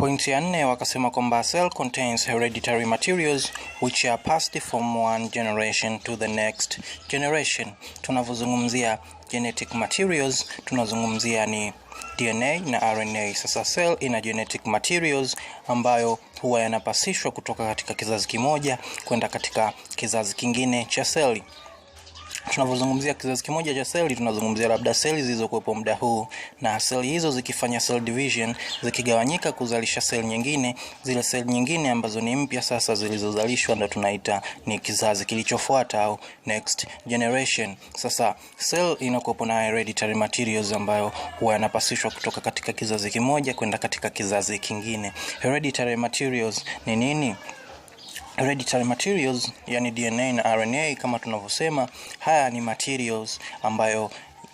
Pointi ya nne wakasema kwamba cell contains hereditary materials which are passed from one generation to the next generation. Tunavyozungumzia genetic materials tunazungumzia ni DNA na RNA. Sasa cell ina genetic materials ambayo huwa yanapasishwa kutoka katika kizazi kimoja kwenda katika kizazi kingine cha seli. Tunavyozungumzia kizazi kimoja cha seli, tunazungumzia labda seli zilizokuwepo muda huu, na seli hizo zikifanya cell division, zikigawanyika kuzalisha seli nyingine, zile seli nyingine ambazo ni mpya sasa zilizozalishwa ndo tunaita ni kizazi kilichofuata au next generation. Sasa seli inakuwepo na hereditary materials ambayo huwa yanapasishwa kutoka katika kizazi kimoja kwenda katika kizazi kingine. Hereditary materials ni nini? hereditary materials yani DNA na RNA kama tunavyosema, haya ni materials ambayo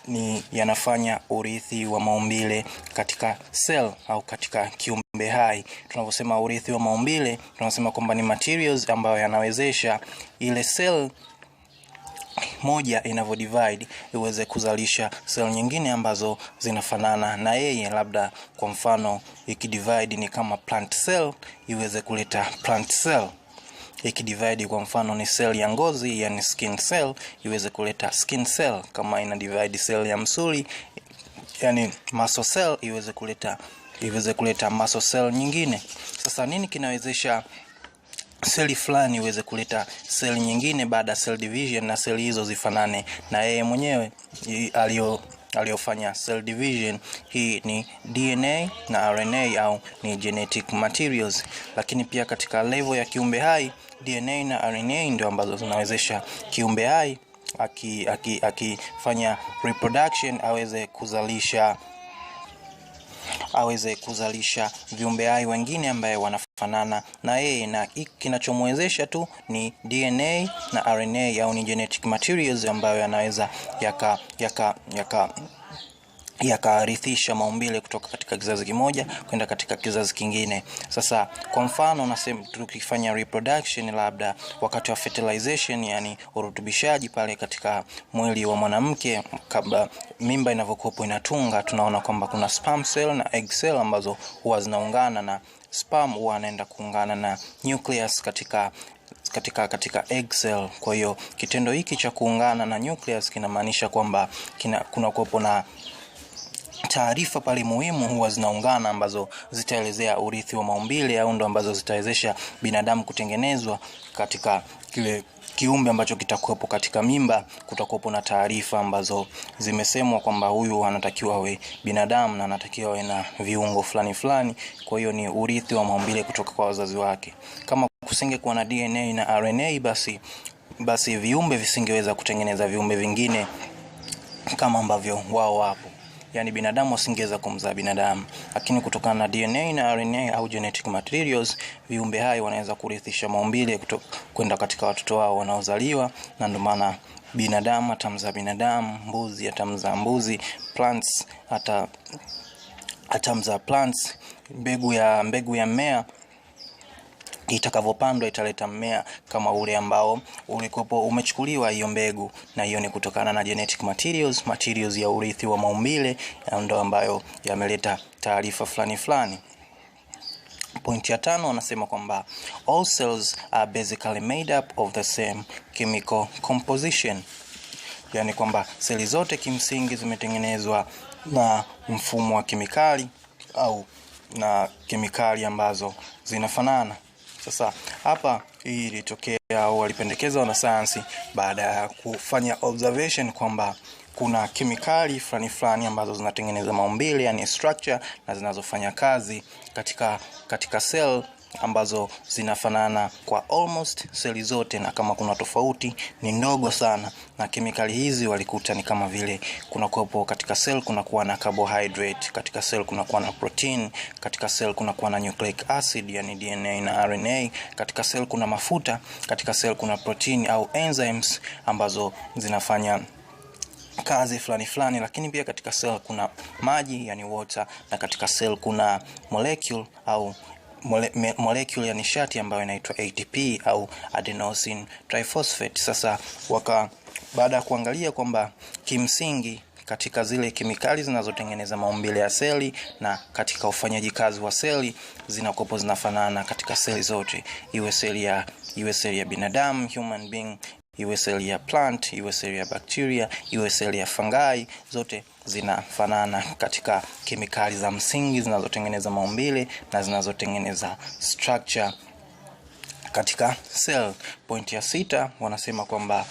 ni yanafanya urithi wa maumbile katika cell au katika kiumbe hai. Tunavyosema urithi wa maumbile, tunasema kwamba ni materials ambayo yanawezesha ile cell moja divide iweze kuzalisha seli nyingine ambazo zinafanana na yeye, labda kwa mfano ikidivide ni kama plant cell iweze kuleta plant cell ikidivide kwa mfano ni cell ya ngozi yani skin cell iweze kuleta skin cell kama ina divide cell ya msuli yani muscle cell iweze kuleta iweze kuleta muscle cell nyingine sasa nini kinawezesha seli fulani iweze kuleta seli nyingine baada ya cell division na seli hizo zifanane na yeye mwenyewe aliyo aliyofanya cell division. Hii ni DNA na RNA au ni genetic materials, lakini pia katika level ya kiumbe hai DNA na RNA ndio ambazo zinawezesha kiumbe hai akifanya aki, aki reproduction aweze kuzalisha aweze kuzalisha viumbe hai wengine ambaye wana fanana na yeye na kinachomwezesha tu ni DNA na RNA au ni genetic materials ambayo yanaweza yaka, yaka, yaka yakaarithisha maumbile kutoka katika kizazi kimoja kwenda katika kizazi kingine. Sasa kwa mfano, nasema tukifanya reproduction, labda wakati wa fertilization, yani urutubishaji pale katika mwili wa mwanamke kabla mimba inavyokuwepo inatunga, tunaona kwamba kuna sperm cell na egg cell ambazo huwa zinaungana na sperm huwa anaenda kuungana na nucleus katika katika katika egg cell. Kwa hiyo kitendo hiki cha kuungana na nucleus kinamaanisha kwamba kuna kuwepo na taarifa pale muhimu huwa zinaungana ambazo zitaelezea urithi wa maumbile au ndo ambazo zitawezesha binadamu kutengenezwa katika kile kiumbe ambacho kitakuwepo katika mimba, kutakuwepo na taarifa ambazo zimesemwa kwamba huyu anatakiwa awe binadamu na anatakiwa awe na viungo fulani fulani. Kwa hiyo ni urithi wa maumbile kutoka kwa wazazi wake. Kama kuwa na DNA na RNA, basi basi viumbe visingeweza kutengeneza viumbe vingine kama ambavyo wao wapo yani binadamu wasingeweza kumzaa binadamu, lakini kutokana na DNA na RNA au genetic materials, viumbe hai wanaweza kurithisha maumbile kwenda katika watoto wao wanaozaliwa, na ndio maana binadamu atamzaa binadamu, mbuzi atamzaa mbuzi, plants ata atamzaa plants, mbegu ya mbegu ya mmea itakavyopandwa italeta mmea kama ule ambao ulikopo umechukuliwa hiyo mbegu, na hiyo ni kutokana na genetic materials, materials ya urithi wa maumbile ndio ambayo yameleta taarifa fulani fulani. Point ya tano wanasema kwamba all cells are basically made up of the same chemical composition, yani kwamba seli zote kimsingi zimetengenezwa na mfumo wa kemikali au na kemikali ambazo zinafanana. Sasa hapa hii ilitokea au walipendekeza wanasayansi baada ya kufanya observation kwamba kuna kemikali fulani fulani ambazo zinatengeneza maumbile yani structure na zinazofanya kazi katika katika cell ambazo zinafanana kwa almost seli zote, na kama kuna tofauti ni ndogo sana. Na kemikali hizi walikuta ni kama vile kunakuwepo katika sel kunakuwa na carbohydrate, katika sel kunakuwa na protein, katika sel kunakuwa na nucleic acid, yani DNA na RNA, katika sel kuna mafuta, katika sel kuna protein au enzymes ambazo zinafanya kazi fulani fulani, lakini pia katika sel kuna maji yani water, na katika sel kuna molecule au mole, molecule ya nishati ambayo inaitwa ATP au adenosine triphosphate. Sasa waka baada ya kuangalia kwamba kimsingi katika zile kemikali zinazotengeneza maumbile ya seli na katika ufanyaji kazi wa seli zinakopo zinafanana katika seli zote, iwe seli ya iwe seli ya binadamu human being iwe seli ya plant, iwe seli ya bacteria, iwe seli ya fungi, zote zinafanana katika kemikali za msingi zinazotengeneza maumbile na zinazotengeneza structure katika cell. Point ya sita wanasema kwamba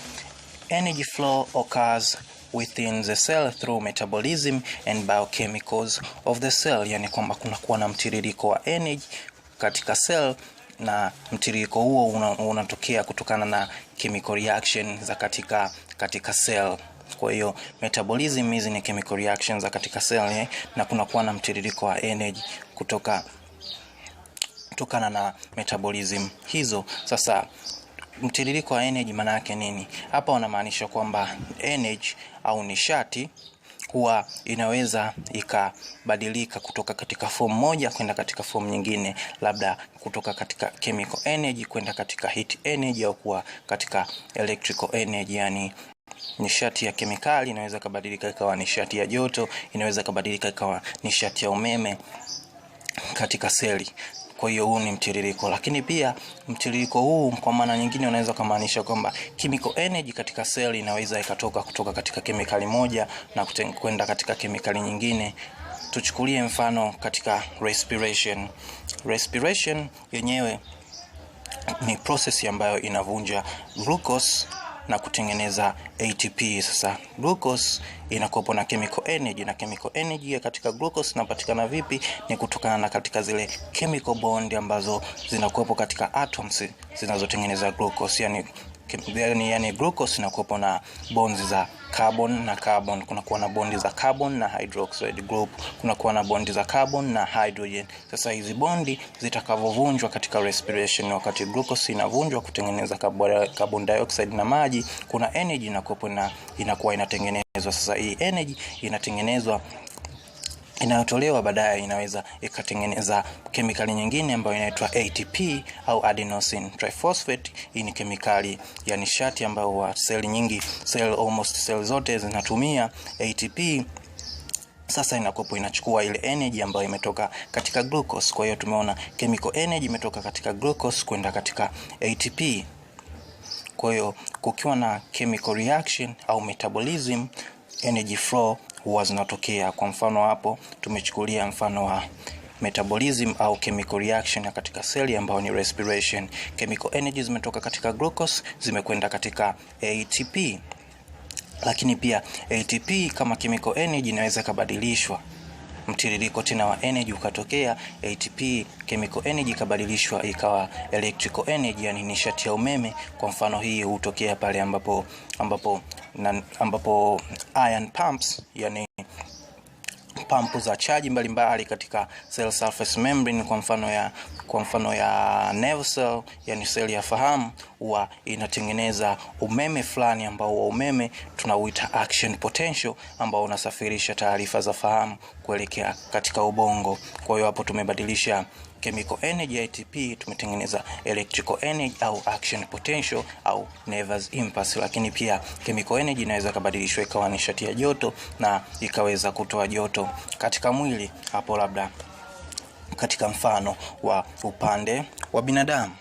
energy flow occurs within the cell through metabolism and biochemicals of the cell, yani kwamba kunakuwa na mtiririko wa energy katika cell na mtiririko huo unatokea una kutokana na chemical reaction za katika katika cell kwa hiyo metabolism hizi ni chemical reactions za katika cell eh, na kunakuwa na mtiririko wa energy kutoka kutokana na metabolism hizo sasa mtiririko wa energy maana yake nini hapa wanamaanisha kwamba energy au nishati huwa inaweza ikabadilika kutoka katika form moja kwenda katika fomu nyingine, labda kutoka katika chemical energy kwenda katika heat energy au kuwa katika electrical energy, yani nishati ya kemikali inaweza ikabadilika ikawa nishati ya joto, inaweza ikabadilika ikawa nishati ya umeme katika seli. Kwa hiyo huu ni mtiririko, lakini pia mtiririko huu kwa maana nyingine unaweza kumaanisha kwamba chemical energy katika seli inaweza ikatoka kutoka katika kemikali moja na kwenda katika kemikali nyingine. Tuchukulie mfano katika respiration. Respiration yenyewe ni process ambayo inavunja glucose na kutengeneza ATP. Sasa glucose inakuwepo na chemical energy, na chemical energy katika glucose inapatikana vipi? Ni kutokana na katika zile chemical bond ambazo zinakuwepo katika atoms zinazotengeneza glucose, yani gani yani glucose inakuwepo na bonzi za carbon na carbon kunakuwa na bondi za carbon na hydroxide group kunakuwa na bondi za carbon na hydrogen sasa hizi bondi zitakavovunjwa katika respiration wakati glucose inavunjwa kutengeneza carbon dioxide na maji kuna energy inakuwepo na inakuwa inatengenezwa sasa hii energy inatengenezwa inayotolewa baadaye inaweza ikatengeneza kemikali nyingine ambayo inaitwa ATP au adenosine triphosphate. Hii ni kemikali ya nishati ambayo wa seli nyingi seli, almost seli zote zinatumia ATP. Sasa inakopo inachukua ile energy ambayo imetoka katika glucose. Kwa hiyo tumeona chemical energy imetoka katika glucose kwenda katika ATP. Kwa hiyo kukiwa na chemical reaction au metabolism, energy flow huwa zinatokea. Kwa mfano hapo tumechukulia mfano wa metabolism au chemical reaction ya katika seli ambayo ni respiration. Chemical energy zimetoka katika glucose zimekwenda katika ATP, lakini pia ATP kama chemical energy inaweza ikabadilishwa mtiririko tena wa energy ukatokea ATP chemical energy ikabadilishwa ikawa electrical energy, yani nishati ya umeme. Kwa mfano hii hutokea pale ambapo ambapo na, ambapo iron pumps yani pampu za chaji mbalimbali katika cell surface membrane, kwa mfano ya kwa mfano ya nerve cell, yani seli ya fahamu, huwa inatengeneza umeme fulani ambao wa umeme tunauita action potential, ambao unasafirisha taarifa za fahamu kuelekea katika ubongo. Kwa hiyo hapo tumebadilisha chemical energy ATP tumetengeneza electrical energy au action potential au Nevers impulse, lakini pia chemical energy inaweza ikabadilishwa ikawa nishati ya joto na ikaweza kutoa joto katika mwili hapo, labda katika mfano wa upande wa binadamu.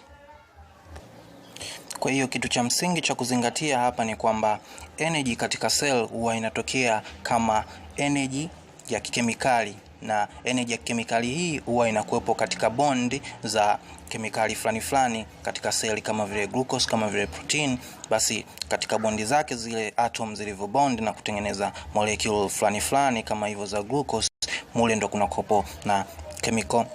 Kwa hiyo kitu cha msingi cha kuzingatia hapa ni kwamba energy katika cell huwa inatokea kama energy ya kikemikali na energy ya kemikali hii huwa inakuwepo katika bond za kemikali fulani fulani katika seli kama vile glucose kama vile protein basi katika bondi zake zile atom zilivyo bond na kutengeneza molecule fulani fulani kama hivyo za glucose mule ndo kuna kopo na chemical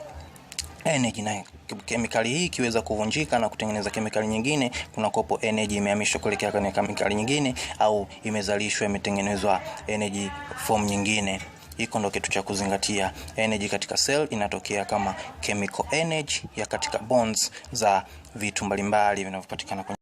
energy na kemikali hii ikiweza kuvunjika na kutengeneza kemikali nyingine kuna kopo energy imehamishwa kuelekea kwenye kemikali nyingine au imezalishwa imetengenezwa energy form nyingine Hiko ndo kitu cha kuzingatia. Energy katika cell inatokea kama chemical energy ya katika bonds za vitu mbalimbali vinavyopatikana kwenye